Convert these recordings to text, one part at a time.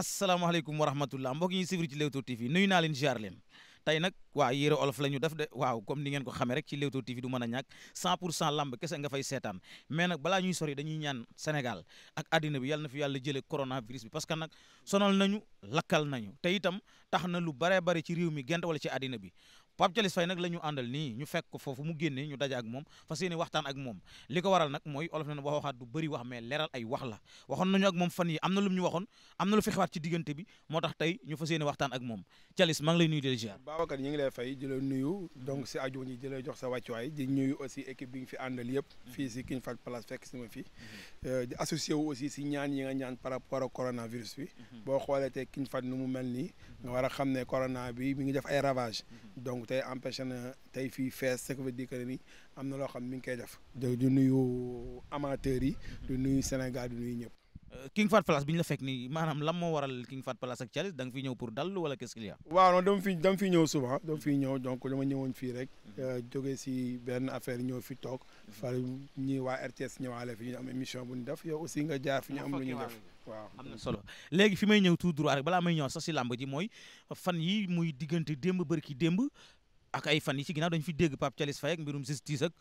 asalaamaaleykum wa rahmatullah mbokk ñi suivre ci Leewtoo TV nuyu naa leen ziar leen tey nag waaw yére olof la ñu def de waaw comme ni ngeen ko xamee rek ci Leewtoo TV du mën a ñàkk 100 pour cent lamb kese nga fay seetaan mais nag balaa ñuy sori dañuy ñaan Sénégal ak àddina bi yàlla na fi yàlla jëlee coronavirus bi parce que nag sonal nañu lakkal nañu te itam tax na lu baree bari ci réew mi gent wala ci àddina bi Pape Thialis Faye nag la ñu àndal nii ñu fekk ko foofu mu génne ñu daje ak moom fas yéene waxtaan ak moom li ko waral nag mooy olof na wax waxaat du bëri wax mais leeral ay wax la waxoon nañu ak moom fan yi am na lu ñu waxoon am na lu fi xewaat ci diggante bi moo tax tey ñu fas yéene waxtaan ak moom Thialis maa ngi lay nuyu di la ñu ngi lay fay di la nuyu donc si aju ñi di la jox sa wàccuwaay di ñuy aussi équipe bi ñu fi àndal yëpp fii si King Fahd Palace fekk si ma fii euh, wu aussi si ñaan yi nga ñaan par rapport ak coronavirus bi mhm. boo xoolee tey King Fahd nu mu mel nii war a xam ne corona bi mi ngi def ay ravage mhm. donc tey empêché na tey fii fees ce qui veut dire que am na loo xam mi ngi koy def. di nuyu amateurs yi. du nuyu Sénégal di nuyu ñëpp. Euh, King Fahd Palace bi ñu la fekk nii maanaam lan moo waral King Fahd Palace ak Thialis da nga fi ñëw pour dal wala qu'est-ce qu'il y a. dama fi dama fi ñëw souvent fi ñëw donc dama ñëwoon fii rek. Mhm. Euh, jóge si benn affaire ñëw fi toog. Mhm. far ñi waa RTS ñëwaale fi ñu am émission bu ñu def yow aussi nga jaar fi ñu am lu ñu def. waaw am na solo léegi fi may ñëw tout droit rek balaa may ñëw sax si làmb ji mooy fan yi muy diggante démb bërki démb ak ay fan yi ci ginnaaw dañu fi dégg Pape Thialis Faye mbirum justice ak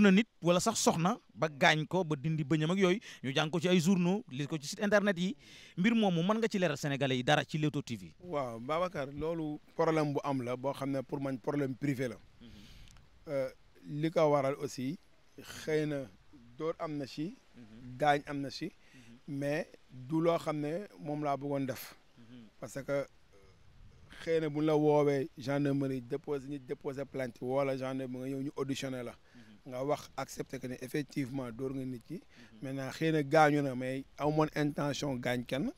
na nit wala sax soxna ba gaañ ko ba dindi bëñam ak yooyu ñu jàng ko ci ay journaux li ko ci site internet yi mbir moomu mën nga ci leeral sénégalais yi dara ci Leewtoo TV. waaw Babacar loolu problème bu am la boo xam ne pour man problème privé la. Mhm. Euh, li ko waral aussi xëy na dóor am na si. Mhm. gaañ am na si. Mhm. mais du loo xam ne moom laa bëggoon def. xëy na bu ñu la woowee gendarmerie déposé ñu déposé plainte wala gendarmerie nga ñëw ñu auditionné la. Mhm. nga wax accepté que ne effectivement dóor nga nit ki. maintenant xëy na gaañu na mais amoon intention gaañ kenn. Mhm.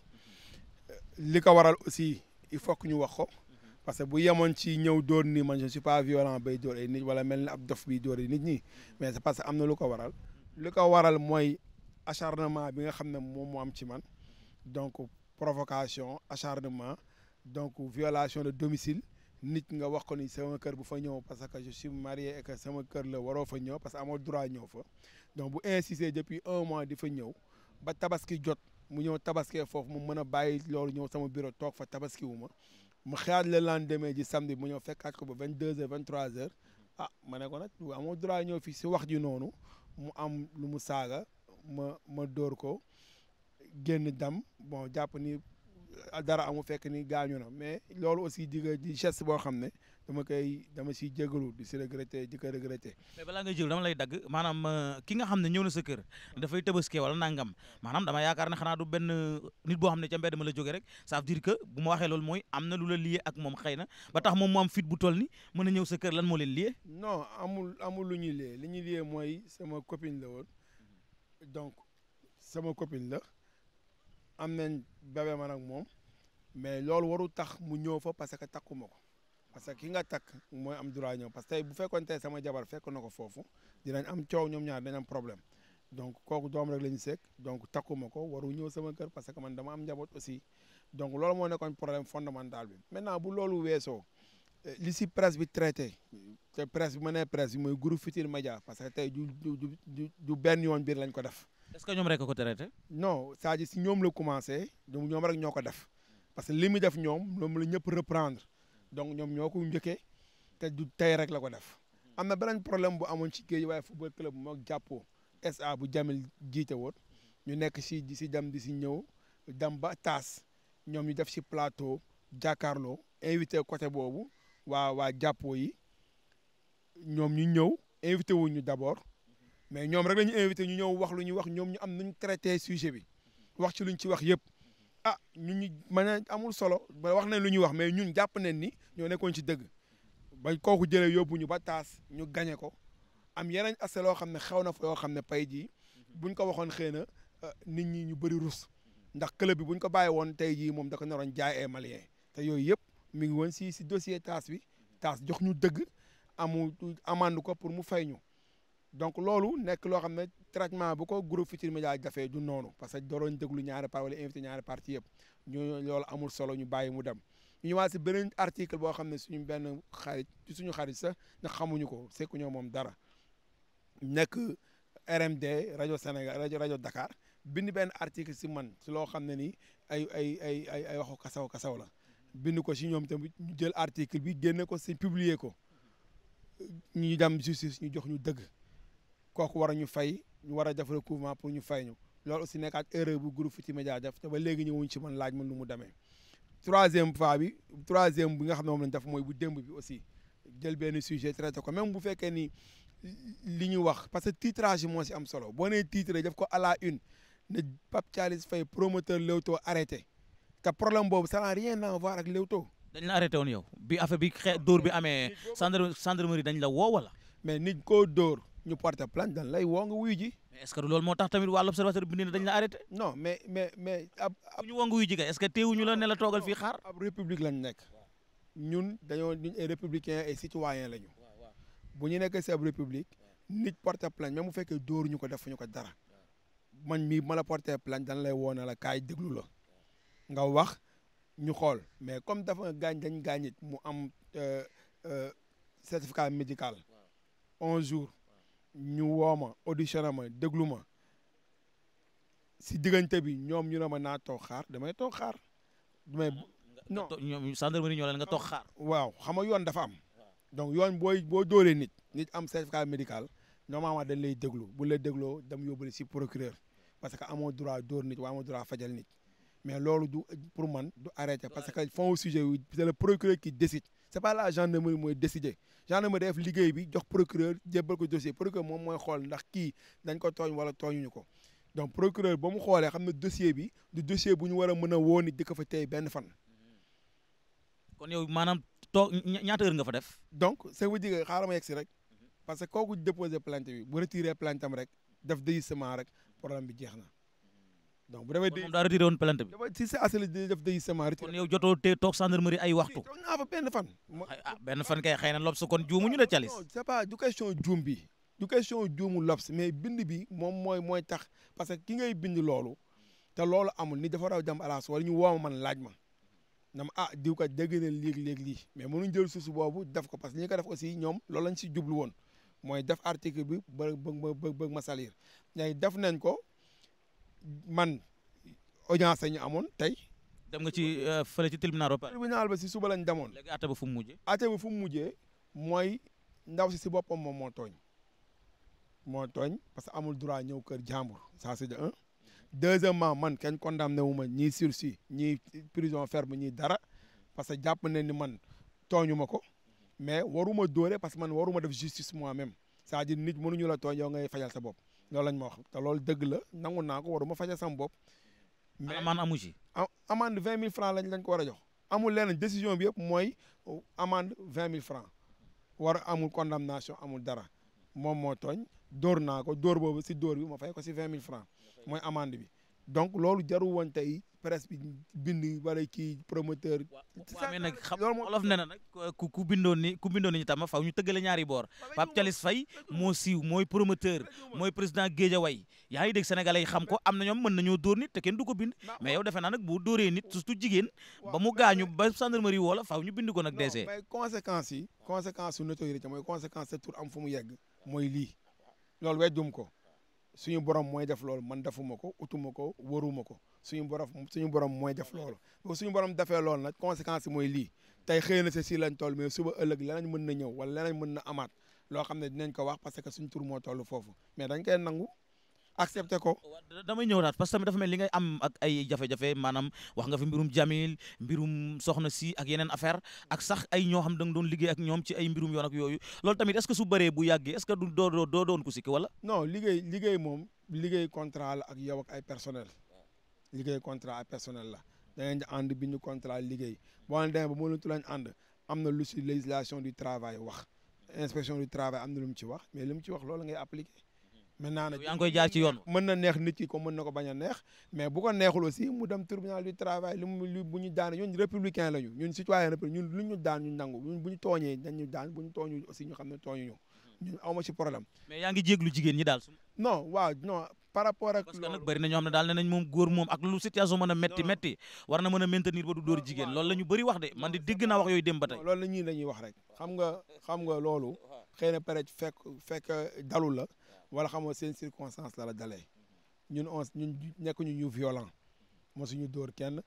li ko waral aussi il faut ñu wax ko. Mhm. parce que bu yemoon ci ñëw dóor nii man je ne suis bay dóor nit wala mel ni ab dof biy dóor nit ñi mais c'est parce am na lu ko waral. li ko waral mooy acharnement bi nga xam ne moom moo am ci man donc provocation acharnement. donc violation de domicile nit nga wax ko ni sama kër bu fa ñëw parce que je suis marié et que sama kër la waroo fa ñëw parce que amoo droit ñëw fa donc bu insisté depuis un mois di fa ñëw ba tabaski jot mu ñëw tabaskee foofu mu mën a bàyyi loolu ñëw sama bureau toog fa tabaski wu ma mu xaar le lendemain ji samedi mu ñëw fekkaat ko ba vingt deux heures vingt trois heures ah ma ne ko nag amoo droit ñëw fii si wax ji noonu mu am lu mu saaga ma ma dóor ko génn dam bon jàpp ni dara amu fekk ni gaañu na mais loolu aussi di di geste boo xam ne dama koy dama si jégalu di si regretter di ko regretter. mais balaa ngay dama lay dagg maanaam euh, ki nga xam ne ñëw na sa kër dafay tëbaskee wala nangam maanaam dama yaakaar ne xanaa du benn euh, nit boo xam ne ca mbedd ma la jógee rek ça veut dire que bu ma waxee loolu mooy am na lu la lié ak moom xëy na ba tax moom mu fit bu toll ni mën a ñëw sa kër lan moo leen lié. non amul amul lu ñuy lié li ñuy lié mooy sama copine la woon sama copine la am nañ bébé man ak moom mais loolu waru tax mu ñëw fa parce que takkuma ko parce que ki nga takk mooy am droit ñëw parce que bu fekkoon sama jabar fekk na ko foofu dinañ am coow ñoom ñaar dinañ am problème donc kooku doom rek la ñu sekk donc takkuma ko waru ñëw sama kër parce que man dama am njaboot aussi donc loolu moo nekkoon problème bi maintenant bu loolu weesoo eh, li si presse bi traité te presse bi ma nee presse mooy groupe Futurs parce que tey du du du du benn yoon biir lañ ko def. est-ce que ñoom rek ko traité. non cest à si ñoom la commencé ñoom rek ñoo ko def. parce que li mu def ñoom loolu la ñëpp reprendre donc ñoom ñoo ko njëkkee te du tey rek la ko def am na beneen problème bu amoon ci géej waaye football club bu mag jàppoo SA bu Jamil jiite woon ñu nekk si si dam di si ñëw dem ba taas ñoom ñu def si plateau jàkkaarloo invité côté boobu waa waa jàppoo yi ñoom ñu ñëw invité wuñu ñu d' abord mais ñoom rek la ñu invité ñu ñëw wax lu ñuy wax ñoom ñu am nuñ traité sujet bi wax ci luñ ci wax yëpp ah ñun ñu ma ne amul solo ba wax nañ lu ñuy wax mais ñun jàpp nañ ni ñoo nekkoon ci dëgg ba kooku jëlee yóbbu ñu ba taas ñu gañe ko am yeneen asse loo xam ne xew na fa yoo xam ne pay jii buñ ko waxoon xëy na ah, nit ñi ñu bëri rus ndax club bi buñ ko bàyyi woon tey jii moom da ko naroon jaay ay malien te yooyu yëpp mi ngi woon si si dossier taas bi taas jox ñu dëgg amu amande ko pour mu fay ñu donc loolu nekk loo xam ne traitement bu ko groupe Futurs Médias dafee du noonu parce que doroon déglu ñaari part wala invité ñaari parti yëpp ñu loolu amul solo ñu bàyyi mu dem ñu ñëwaat si beneen article boo xam ne suñu benn xarit suñu xarit sax nga xamuñu ko sekku ñoo moom dara nekk RMD rajo Sénégal rajo rajo Dakar bind benn article si man si loo xam ne ni ay ay ay ay ay waxu kasaw la bind ko si ñoom tamit ñu jël article bi génne ko si publier ko ñu dem justice ñu jox ñu dëgg kooku war a ñu fay ñu war a def recouvrement pour ñu fay ñu loolu aussi nekkaat erreur bu groupe Futurs Médias def te ba léegi ñëwuñ ci man laaj man nu mu demee troisième fois bi troisième bu nga xam ne moom lañ def mooy bu démb bi aussi jël benn sujet traité ko même bu fekkee ni li ñu wax parce que titrage moo si am solo boo nee titre def ko à la une ne Pape Thialis Faye promoteur Leewtoo arrêté te problème boobu ça n'a rien à voir ak Leewtoo dañ la arrêté woon yow bi affaire bi xe dóor bi amee gendarmerie dañ la woo wala mais nit koo dóor ñu porter plainte dañ lay woo nga wuyu ji. mais est-ce que moo tax tamit waa l'observateur bi ne dañ la arrêté. mais mais mais ab. ñu ji kay est-ce que teewuñu la ne la toogal fii xaar. ab république lañ nekk ñun dañoo ñun ay républicains ay citoyens lañu bu ñu nekkee si ab république nit porter plainte même fekkee dóor ñu ko def ñu ko dara man mii ma la porter plainte dañ lay woo ne la kaay déglu la nga wax ñu xool mais comme dafa gaañ dañ gaañit mu am euh, euh, certificat médical 11 jours. ñu woo ma auditionné ma déglu ma si diggante bi ñoom ñu ne ma naa toog xaar damay toog xaar. damay non ñoom gendarmerie ñoo leen nga toog xaar. waaw xam nga yoon dafa am. donc yoon booy boo doolee nit. nit am certificat médical a dañ lay déglu bu la dégloo dem yóbbali si procureur parce que amoo droit dóor nit waa amoo droit fajal nit mais loolu du pour man du arrêté parce que fond au sujet c'est le procureur qui décide. c'est pas la gendarmerie mooy décider gendarmerie def liggéey bi jox procureur jébbal ko dossier procureur moom mooy xool ndax kii dañ ko tooñ wala tooñuñu ko donc procureur ba mu xoolee xam ne dossier bi du dossier bu ñu war a mën a woo nit di ko fa tey benn fan. Mm-hmm. kon yow maanaam too ñaata heure nga fa def. donc ça veut dire que xaaral ma yegg si rek mm-hmm. parce que kooku déposé plainte bi bu retiré plainte am rek def désistement rek problème bi jeex na. donc bu demee day moom daa retiré woon plainte bi. si sa asile di def day sama retiré. kon yow jotoo te toog gendarmerie ay waxtu. toog naa fa benn fan. ah benn fan kay xëy na lobs kon juumuñu ne calis. non c'est pas du question juum bi du question juumu lobs mais bind bi moom mooy mooy tax parce que ki ngay bind loolu te loolu amul ni dafa war a dem alaas wala ñu woo ma man laaj ma na ma ah diw ko dégg na léeg-léeg lii mais mënuñ jël suuf boobu def ko parce que li ñu ko def aussi ñoom loolu lañ si jublu woon mooy def article bi ba bëgg ma bëgg ma salir def nañ ko. man audience ñu amoon tey. dem nga ci euh, fële ci tribunal ba. tribunal ba si suba lañ demoon. léegi ba fu mu mujjee. àtte ba mu mujjee mooy ndaw si si boppam moom moo tooñ. moo tooñ parce que amul droit ñëw kër jàmbur ça c'est de un deuxièmement man kenn condamné wu ma ñii sursis ñii prison ferme ñii dara parce que jàpp ne ni man tooñu ma ko mais waruma dóore parce que man waruma def justice moi-même c'est-à-dire nit mënuñu la tooñ yow ngay fajal sa bopp. loolu lañ ma wax te loolu dëgg la nangu naa ko waruma faja sama bopp. mais amende amu ci. amende vingt mille franc lañ lañ ko war a jox. amul leneen décision bi yëpp mooy oh, amende vingt mille franc war a amul condamnation amul dara moom moo tooñ door naa ko dóor boobu si dóor bi ma fay ko si vingt mille franc mooy amende bi. donc loolu jaru woon tey presse bi wala kii promoteur. waaw mais nag xam olof nee na euh, ku ku bindoon ni ku bindoon ni tam faw ñu tëggale ñaari boor Pape Thialis Faye moo siiw mooy promoteur mooy président Guédiawaye yaa ngi deg sénégalais yi xam ko am na ñoom mën nañoo dóor nit te kenn du ko bind mais yow defe naa nag bu dóoree nit surtout jigéen ba mu gaañu ba gendarmerie woo la faw ñu bind ko nag. DG mais conséquences yi. conséquences yu notoriété mooy conséquence sa tur am fu mu yegg mooy lii loolu weddum ko. suñu borom mooy def loolu man defuma ko utuma ko waruma ko suñu borom suñu borom mooy def loolu suñu borom defee loolu nag conséquence bi mooy lii tey xëy na si si lañ toll mais suba ëllëg leneen mën na ñëw wala leneen mën na amaat loo xam ne dinañ ko wax parce que suñ tur moo toll foofu mais dañ koy nangu accepté ko. damay ñëwraat parce que tamit dafa mel li nga am ak ay jafe-jafe maanaam wax nga fi mbirum Jamil mbirum soxna si ak yeneen affaire ak sax ay ñoo xam da nga doon liggéey ak ñoom ci ay mbirum yoon yooyu loolu tamit est-ce que su bëree bu yàggee est-ce que du doo doo doon ku sikki wala. non liggéey moom liggéey contrat la ak yow ak ay personnel liggéey contrat ak personnel la da ngeen di ànd bi ñu contrat liggéey boo xam ne da ba mënul tulañ ànd am na lu si législation du travail wax inspection du travail am lu mu ci wax mais lu mu ci wax loolu ngay appliquer maintenant nag yaa ngi koy jaar ci na neex nit ki ko mën na a neex mais bu ko neexul aussi mu dem tribunal du travail li la ñu lu ñu daan ñu nangu ñun bu ñu ñu daan bu ñu xam ne tooñuñu ñun aw ma ci problème yaa ngi jéglu jigéen ñi daal su non waaw non par rapport ak parce que nag na ñoo xam ne daal ne nañ moom góor moom ak lu situation mën a métti métti war na mën a maintenir ba du dóor jigéen loolu la ñu bëri wax de man di dégg naa wax yooyu dem ba tey loolu la ñuy la wax rek xam nga xam nga loolu xëy na peut-être fekk fekk dalul la wala xamoo seen circonstance la la dalee ñun on ñun nekkuñu ñu violent mosuñu dóor kenn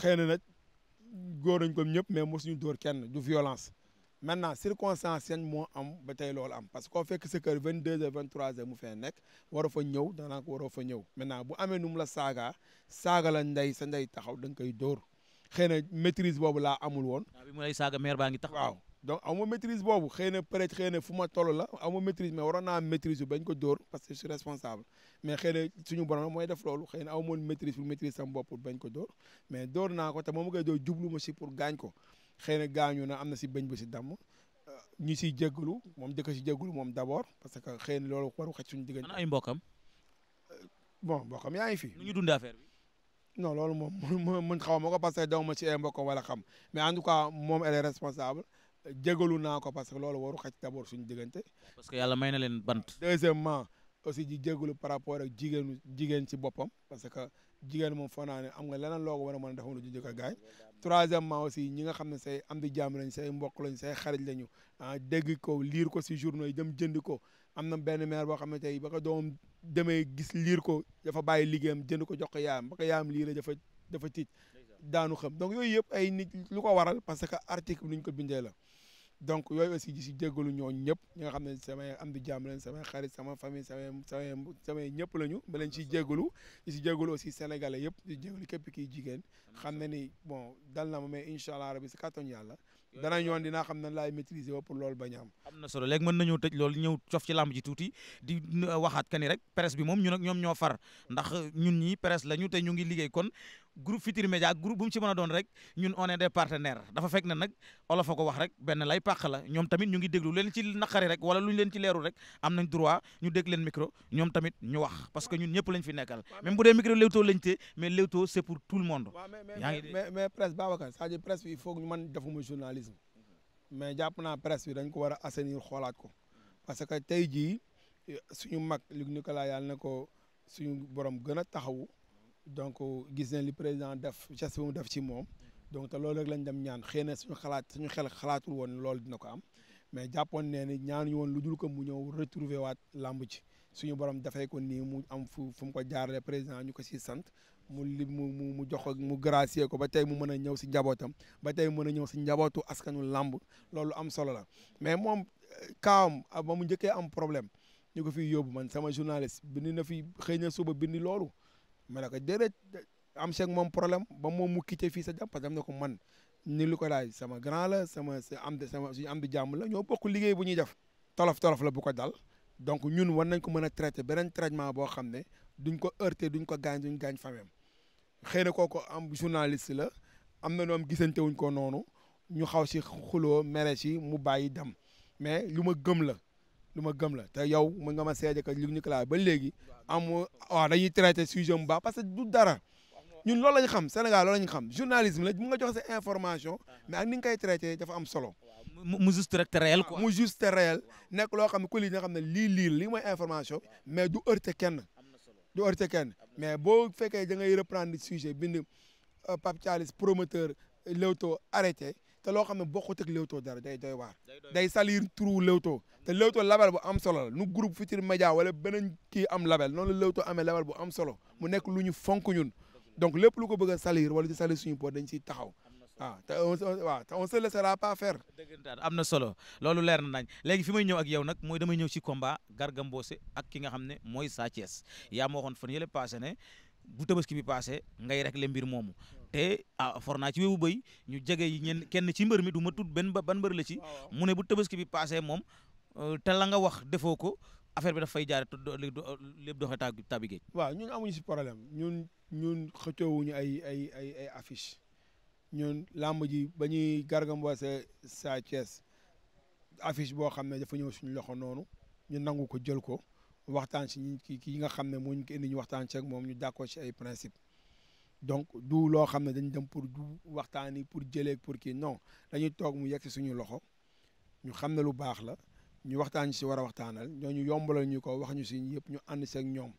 xëy na nag góor nañ comme ñëpp mais mosuñu dóor kenn du violence maintenant circonstance yan moo am ba tey loolu am parce que koo fekk sa kër vingt deux heures vingt trois mu fee nekk waroo fa ñëw danaa ko waroo fa ñëw maintenant bu amee nu mu la saagaa saaga la ndey sa ndey taxaw da nga koy dóor xëy na maîtrise boobu laa amul woon. bi mu lay saaga baa ngi taxaw waaw. donc aw ma maîtrise boobu xëy na peut être xëy na fu ma toll la aw ma maîtrise mais waroon naa maîtrise yu bañ ko dóor parce que je responsable mais xëy na suñu borom mooy def loolu xëy na aw moon maîtrise pour maîtrise sam ko dóor mais dóor naa ko te moom koy dóor jublu si pour gaañ ko xëy na gaañu na am na si bañ bu si damm euh, ñu siy jégalu moom dëkk si jégalu moom d' abord parce que xëy na loolu waru xaj suñu diggante. ana mbokka mbokkam. Euh, bon mbokkam yaa ngi fi. nu ñu dund affaire bi. non loolu moom mën xaw ma ko parce que daw ma si ay mbokkam wala xam mais en tout cas moom elle est responsable jégalu naa ko parce que loolu waru xaj d'abord suñu diggante. parce que yàlla may na leen bant. deuxièmement aussi di jégalu par rapport ak jigéenu jigéen ci boppam parce que jigéen moom foo naa ne am nga leneen loo ko war a mën a defal lu jëkk a gaañ. troisièmement aussi ñi nga xam ne say am di jàmm lañ say mbokk lañ say xarit lañu ah dégg ko liir ko si journaux yi dem jënd ko am na benn maire boo xam ne tey ba ko doom demee gis liir ko dafa bàyyi liggéeyam jënd ko jox ko yaayam ba ko yaayam liir dafa dafa tiit daanu xam donc yooyu yëpp ay nit lu ko waral parce que article bi ñu ko bindee la. donc yooyu aussi di si jéggalu ñooñ ñëpp ñoo nga xam ne samay am di jàmm leen samay xarit sama famille samay samay ñëpp lañu ma leen siy jéggalu si jéggalu aussi sénégalais yëpp képp kii jigéen xam ne ni bon dal na ma mais incha allah rabi si kàttan yàlla dana ñoon dinaa xam ne laay maîtriser wo pour loolu bañ am am na solo léegi mën nañoo tëj loolu ñëw cof ci làmb ji tuuti di waxaat ka ni rek presse bi moom ñun ak ñoom ñoo far ndax ñun ñi presse la ñu te ñu ngi liggéey kon groupe Futurs Médias groupe bu mu ci mën doon rek ñun on est des partenaires dafa fekk ne nag olof a ko wax rek benn lay pàq la ñoom tamit ñu ngi déglu leen ci naqari rek wala lu ñu leen ci leeru rek am nañ droit ñu dégg leen micro ñoom tamit ñu wax parce que ñun ñëpp lañ fi nekkal même bu dee micro Leewtoo lañ te mais Leewtoo c'est pour tout le monde. mais il faut ñu mën defuma journalisme mm-hmm. mais jàpp naa presse bi dañ ko war a assainir xoolaat ko parce que tey jii suñu mag Luc Nicolas yàlla na ko suñu borom gën a taxawu donc gis nañ li président def geste bu mu def ci moom donc te loolu rek lañ dem ñaan xëy na suñu xalaat suñu xel xalaatul woon loolu dina ko am mais jàppoon nee ni ñaanuñu woon lu dul ko mu ñëw retrouver waat làmb ci suñu borom dafay ko nii mu am fu fu mu ko jaarale président ñu ko si sant mu li mu mu mu jox ko mu gracier ko ba tey mu mën a ñëw si njabootam ba tey mën a ñëw si njabootu askanu làmb loolu am solo la mais moom kaawam ba mu njëkkee am problème ñu ko fi yóbbu man sama journaliste bind na fii xëy na suba bind loolu ma ne ko déedéet am seeg moom problème ba moom mu quitté fii sa jàmm parce am na ko man ni lu ko laaj sama grand la sama sa am sama am di jàmm la ñoo bokk liggéey bu ñuy def tolof tolof la bu ko dal donc ñun war nañ ko mën a traité beneen traitement boo xam ne duñ ko heurté duñ ko gaañ duñ gaañ famem xëy na kooku am journaliste la am na ñoom gisante wuñ ko noonu ñu xaw si xuloo mere si mu bàyyi dem mais lu ma gëm la lu ma gëm la te yow mën nga ma seede que Luc Nicolaï ba léegi amu waaw dañuy traité sujet mu baax parce du dara ñun loolu lañ xam Sénégal loolu lañ xam journalisme la mu nga jox information mais ak ni nga koy traité dafa am solo. mu juste rek nekk loo xam ne ku lii nga xam ne lii lii lii mooy information mais du heurter kenn du heurter kenn mais boo fekkee da ngay reprendre sujet bind euh, Pape Thialis promoteur Leewtoo arrêté. te loo xam ne bokkut ak Leewtoo dara day doy waar day salir trou Leewtoo te Leewtoo label bu am solo la nu groupe Futurs Médias wala beneen kii am label noonu la Leewtoo amee label bu am solo mu nekk lu ñu fonk ñun donc lépp lu ko bëgg a salir wala di salir suñu bopp dañ siy taxaw waaw ah, te waaw te on se laissera pas faire. am na solo loolu leer na nañ léegi fi may ñëw ak yow nag mooy damay ñëw ci combat Garga Mbossé ak ki nga xam ne mooy Sa Thiès yaa ma waxoon fan yële paase ne bu tabaski bi paase ngay rek le mbir moomu te ah fornaa ci wewu bëy ñu jege yi ñenn kenn ci mbër mi du ma tudd benn ban mbër la ci mu ne bu tabaski bi passé moom euh, te la nga wax defoo ko affaire bi daf fay jaare lépp doxee taa tabi géej waaw ñun amuñu si problème ñu ñun xëccoowuñu ay ay ay ay affiche ñun làmb ji ba ñuy gargamboose sa Thiès affice boo xam ne dafa ñëw suñu loxo noonu ñu nangu ko jël ko waxtaan si kii ki nga xam ne moo ñu ko indi ñu waxtaan ci ak moom ñu d'accord ci ay principe donc du loo xam ne dañ dem pour du waxtaani pour jëlee pour kii non dañuy toog mu yegg si suñu loxo ñu xam na lu baax la ñu waxtaan si war a waxtaanal ñu yombalal ñu ko wax ñu si yëpp ñu ànd seeg ñoom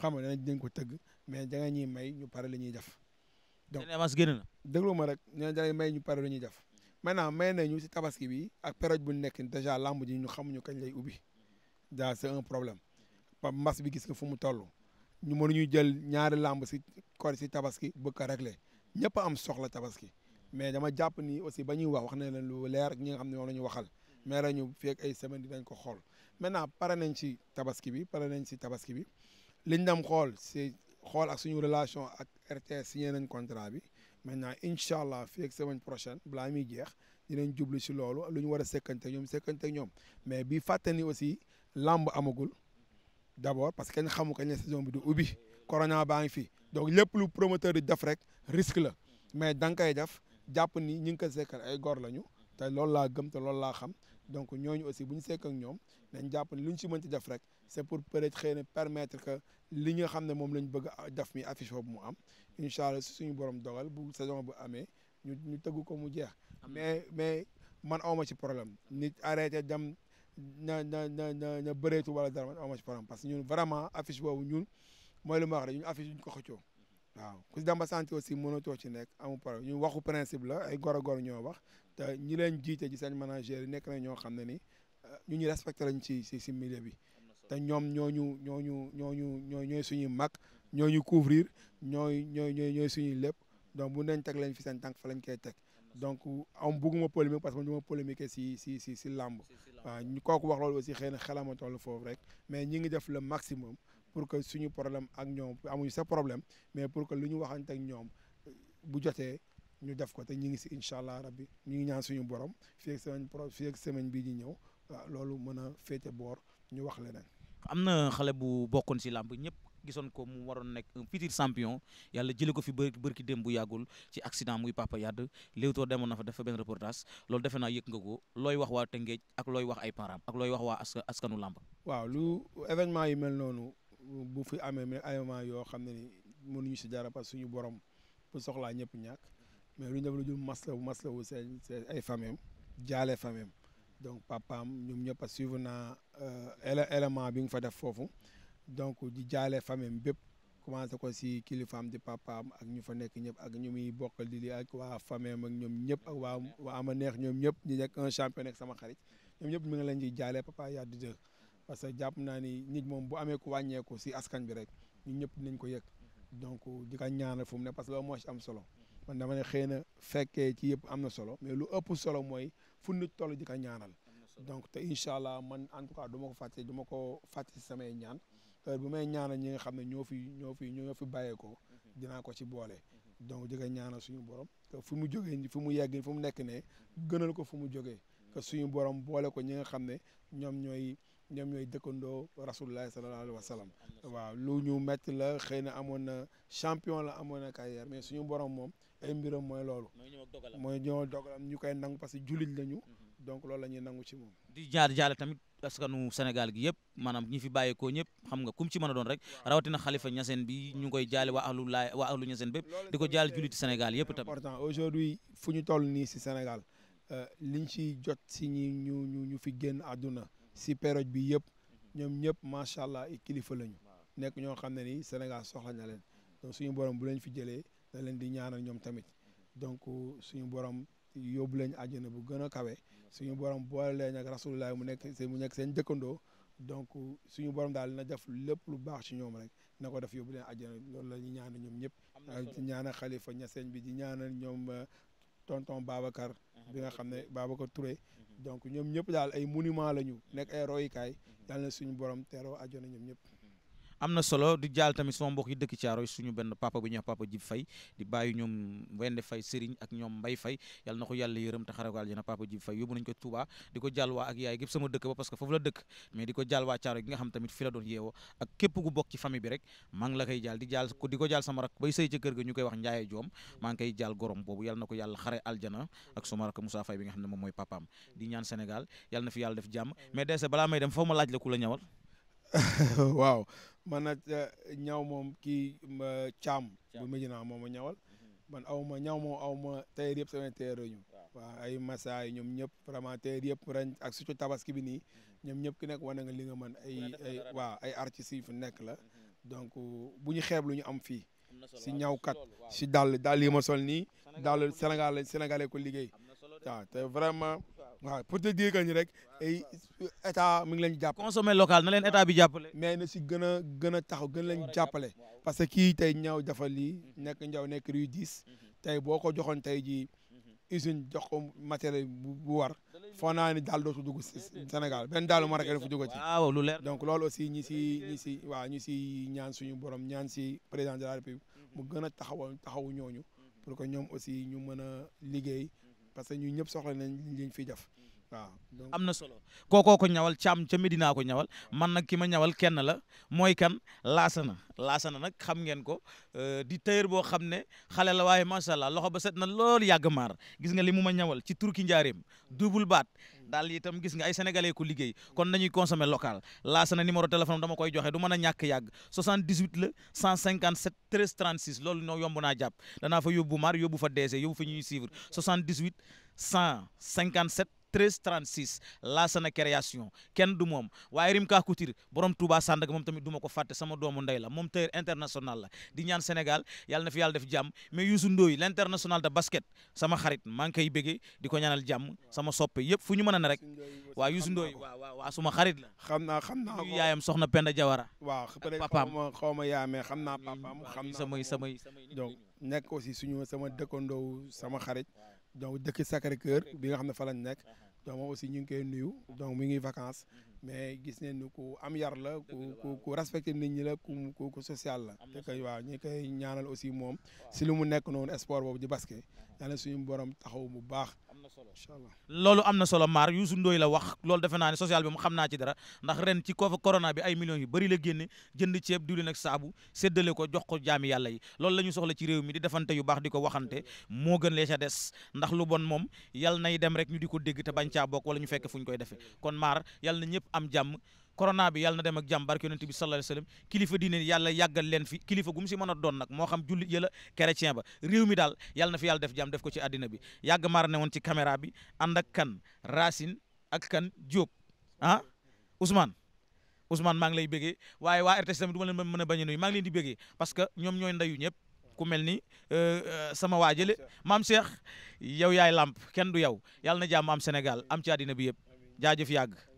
xam nga dinañ ko tëgg mais danga ñuy may ñu pare li ñuy def. donc avance génn na. déglu ma rek nee dangay may ñu pare li ñuy def maintenant may nañu si tabaski bi ak période bu nekk dèjà lamb ji ñu xamuñu kañ lay ubbi daa c'est un problème mbas bi gis nga fu mu toll. ñu mënuñu jël ñaari làmb si kor si tabaski bëgg ko réglé ñëpp am soxla tabaski mais dama jàpp nii aussi ba ñuy wax wax ne lu leer ak ñi nga xam ne moom la ñu waxal mais la ñu feeg ay semaine dinañ ko xool maintenant pare nañ ci tabaski bi pare nañ si tabaski bi liñ dem xool si xool ak suñu relation ak RTS signé nañ bi maintenant incha allah fii ak semaine prochaine balaa muy jeex dinañ jublu si loolu lu ñu war a sekkante ñoom sekkante ñoom mais bii fàtte ni aussi làmb amagul d' abord parce que kenn xamu kañ la saison bi du ubbi corona baa ngi fi donc lépp lu promoteur di def rek risque la mais da nga def jàpp ni ñu ngi ko sekkal ay góor lañu te loolu laa gëm te loolu laa xam donc ñooñu aussi bu ñu sekk ak ñoom dañ jàpp ni lu ñu si mënti def rek c' est pour peut être xëy na permettre que li nga xam ne moom lañ bëgg def mi affiche boobu mu am incha allah suñu borom dogal bu saison bu amee ñu ñu tëgg ko mu jeex. mais mais man awma ci problème nit arrêté dem. na na na na na bëreetu wala dara man amoo ci problème parce que ñun vraiment affiche boobu ñun mooy lu ma wax rek ñun affiche duñ ko xëccoo waaw ku si damba santé aussi mënatoo ci nekk amul problème ñun waxu principe la ay gor a ñoo wax te ñi leen jiite ci seen manager nekk nañ ñoo xam ne ni euh, ñu ñu respecté lañ ci si si milieu bi te ñoom ñooñu ñooñu ñooñu ñoo ñooy suñuy mag ñu couvrir ñooy ñooy ñooy ñooy suñuy lépp donc bu neñ teg lañ fi seen tànk fa lañ koy teg donc am bugguma polémique parce que man du ma polémique si si si si làmb waaw ñu kooku wax loolu aussi xëy na xelama toll foofu rek mais ñi ngi def le maximum pour que suñu problème ak ñoom amuñu sa problème mais pour que lu ñu waxante ak ñoom euh, bu jotee ñu def ko te ñu ngi si incha allah rabbi ñu ngi ñaan suñu borom fii ak semaine pro fii ak bii di ñëw loolu mën a féete boor ñu wax leneen. am na xale bu bokkoon si làmb ñëpp gisoon ko mu waroon nekk un sampion yàlla jële ko fi bër bërki dem bu yàggul ci accident muy Papa Yade Leewtoo demoon na fa def fa reportage loolu defe naa yëg nga ko looy wax waa Tëngéej ak looy wax ay param ak looy wax waa askanu làmb waaw lu événement yi mel noonu bu fi amee mais événement yoo xam ne ni mënuñu si dara parce que suñu borom bu soxlaa ñëpp ñàkk mais lu ñu def lu dul maslawu maslawu seen seen ay famem jaale famem donc papaam ñoom ñëpp a suivre naa euh, élément bi nga fa def foofu donc di jaale famille bépp commencé ko si kilifaam di papaam ak ñu fa nekk ñëpp ak ñu muy bokkal di li ak waa famille ak ñoom ñëpp ak waa waa ama neex ñoom ñëpp ñu nekk un champion ak sama xarit ñoom ñëpp mi ngi leen di jaale papa yaa di dëgg parce que jàpp naa ni nit moom bu amee ku wàññeeku si askan bi rek ñun ñëpp dinañ ko yëg donc di ko ñaanal fu mu ne parce que loolu moo si am solo man dama ne xëy na fekkee ci yëpp am na solo mais lu ëpp solo mooy fu nit toll ji ka ñaanal donc te incha allah man en tout cas du ma ko fàtte du ma ko si samay ñaan heure bu may ñaana ñi nga xam ne ñoo fi ñoo fi ñoo fi bàyyeekoo mhm. dinaa ko ci boole mhm. donc di ñaana suñu borom que fu mu jógee fu mu yegg fu mu nekk ne gënal ko fu mu jógee mhm. que suñu borom boole ko ñi nga xam ne ñoom ñooy ñoom ñooy dëkkandoo rasulullah sallallahu alayhi wa sallam waaw lu ñu métti la xëy na amoon na champion la amoon na carrière mais suñu borom moom ay mbiram mooy loolu mooy ñoo dogalam ñu koy nangu parce que jullit lañu donc loolu la ñuy nangu ci moom di jaar jaale tamit parce askanu Sénégal gi yëpp maanaam ñi fi bàyyeekoo ñëpp xam nga kum ci mën a doon rek rawatina xalifa ñaseen bi ñu ngi koy jaal wa ahlu laay waa ahlu ñaseen bépp di ko jaal julliti Sénégal yëpp tamit. important aujourd'hui fu ñu toll nii si Sénégal euh, liñ si jot si ñi ñu ñu ñu fi génn àdduna si période bi yëpp ñoom ñëpp macha allah i kilifa lañu nekk ñoo xam ne ni Sénégal soxla na leen suñu borom bu leen fi jëlee da leen di ñaanal ñoom tamit donc suñu borom yóbbu leen àjjana bu gën a kawe suñu borom boole leen ak rasulullah mu nekk mu nekk seen jëkkandoo donc suñu borom daal na def lépp lu baax ci ñoom rek na ko def yóbbu leen àjjana loolu la ñu ñaanal ñoom ñëpp. di ñaanal xalifa ñaseen bi di ñaanal ñoom euh, tonton Babacar. bi nga xam ne Babacar Touré. donc ñoom ñëpp daal ay monument la ñu. nekk ay royukaay. yàlla na suñu borom teeroo àjjana ñoom ñëpp. am na solo di jaal tamit sama mbokk yi dëkk Caaroy suñu benn papa bu ñuy wax papa Jib Fay di bàyyi ñoom Wende Fay Sëriñ ak ñoom Mbay Fay yàlla na ko yàlla yërëm te xare ko aljana papa Jib Fay yóbbu nañ ko ak yaay gépp sama Fay bi nga xam ne moom mooy papaam di ñaan Sénégal yàlla na fi yàlla def jàmm mais dese balaa may dem foo ma laaj la ku la ñawal waaw man nag eh, ñaw moom kii caam mm, eh, bu na moom a ñawal mhm. man aw ma ñaw moom aw ma tailleur yëpp sama tailleur ñu waaw ay masaay ñoom ñëpp vraiment tailleur yëpp ren ak surtout tabaski bi nii mhm. ñoom ñëpp ki nekk wane nga li nga mën ay ay waaw ay nekk la mhm. donc bu ñu xeeb lu ñu am fii si ñawkat si dàll dàll yi ma sol nii dàll Sénégal Sénégalais ko liggéey waaw te vraiment waa pour te dire que rek ay mu ngi leen jàpp. consommer local na leen état bi jàppale. mais na si gën gën a taxaw gën leen jàppale parce que kii tey ñaw dafa lii mhm. nekk njaw nekk rue 10 mhm. tey boo ko joxoon tey ji mhm. usine jox ko matériel bu war foo naa ni daal dootu dugg Sénégal benn dal Maroc dafa dugg ci. waaw lu leer donc loolu aussi ñi si si waaw ñi si ñaan suñu borom ñaan si président de la république mu gën a taxaw taxawu ñooñu pour que ñoom aussi ñu mën a liggéey. parce que :fra ñun ñëpp soxla nañ liñ fiy am na solo kookoo ko ñawal càmm ca Medina ko ñawal man nag ki ma ñawal kenn la mooy kan laasana laasana nag xam ngeen ko euh, di tailleur boo xam ne xale la waaye macha allah loxo ba set na lool yàgg maar gis nga li mu ma ñawal ci turki njaareem double baat daal itam gis nga ay sénégalais ko liggéey kon nañuy consommer local laasana numéro téléphone dama koy joxe du mën a ñàkk yàgg 78 la 157 13 36 loolu noo yomb naa jàpp danaa fa yóbbu maar yóbbu fa DC yóbbu fa ñuy 13 36 Laasana création kenn du moom waaye Rimka boroom borom Touba Sandaga moom tamit du ko fàtte sama doomu ndey la moom tailleur international la di ñaan Sénégal yàlla na fi yàlla def jàmm mais Youssou Ndoye l'international de basket sama xarit maa ngi koy béggee di ko ñaanal jàmm sama soppe yëpp fu ñu mën a ne rek waaw Youssou Ndoye waaw waaw waaw suma xarit la xam naa xam naa ko yaayam soxna Penda Jawara waaw papaam xaw ma yaamee xam naa papaam xam naa samay samay donc nekk aussi suñu sama dëkkandoo sama xarit donc dëkk Sacré-Cœur bi nga xam ne fa lañ nekk uh-huh. donc moom aussi ñu ngi koy nuyu uh-huh. donc mu ngi vacances uh-huh. mais gis nañ ni ku am yar la ku ku ku nit ñi la ku ku ku social la te koy waaw ñu koy ñaanal aussi moom si lu mu nekk noonu sport boobu di basket yàlla suñu borom taxaw bu baax loolu am na solo maar Youssou Ndoye la wax loolu defe naa ne social bi mu xam naa ci dara ndax ren ci koo fa corona bi ay millions yu bëri la génne jënd ceeb diwlin ak saabu séddale ko jox ko jaami yàlla yi loolu la ñu soxla ci réew mi di defante yu baax di ko waxante moo gën lee ca des ndax lu bon moom yal nay dem rek ñu di ko dégg te bañ caa bokk wala ñu fekk fu ñu koy defee kon maar yàlla na ñëpp am jàmm corona bi yàlla na dem ak jàmm barke yonent bi sallallahu alayhi kilifa diine yàlla yàggal leen fi kilifa gu mu si mën a doon nag moo xam jullit yëla chrétien ba réew mi daal yàlla na fi yàlla def jàmm def ko ci àddina bi yàgg maar ne woon ci caméra bi ànd ak kan Racine ak kan Diop ah Ousmane Ousmane maa ngi lay bëggee waaye waa RTS tamit du ma leen mën a bañ a nuyu maa ngi leen di bëggee parce que ñoom ñooy ndayu ñëpp ku mel ni euh, euh, sama waa jële maam Cheikh yow yaay làmp kenn du yow yàlla na jàmm am ci àddina bi yëpp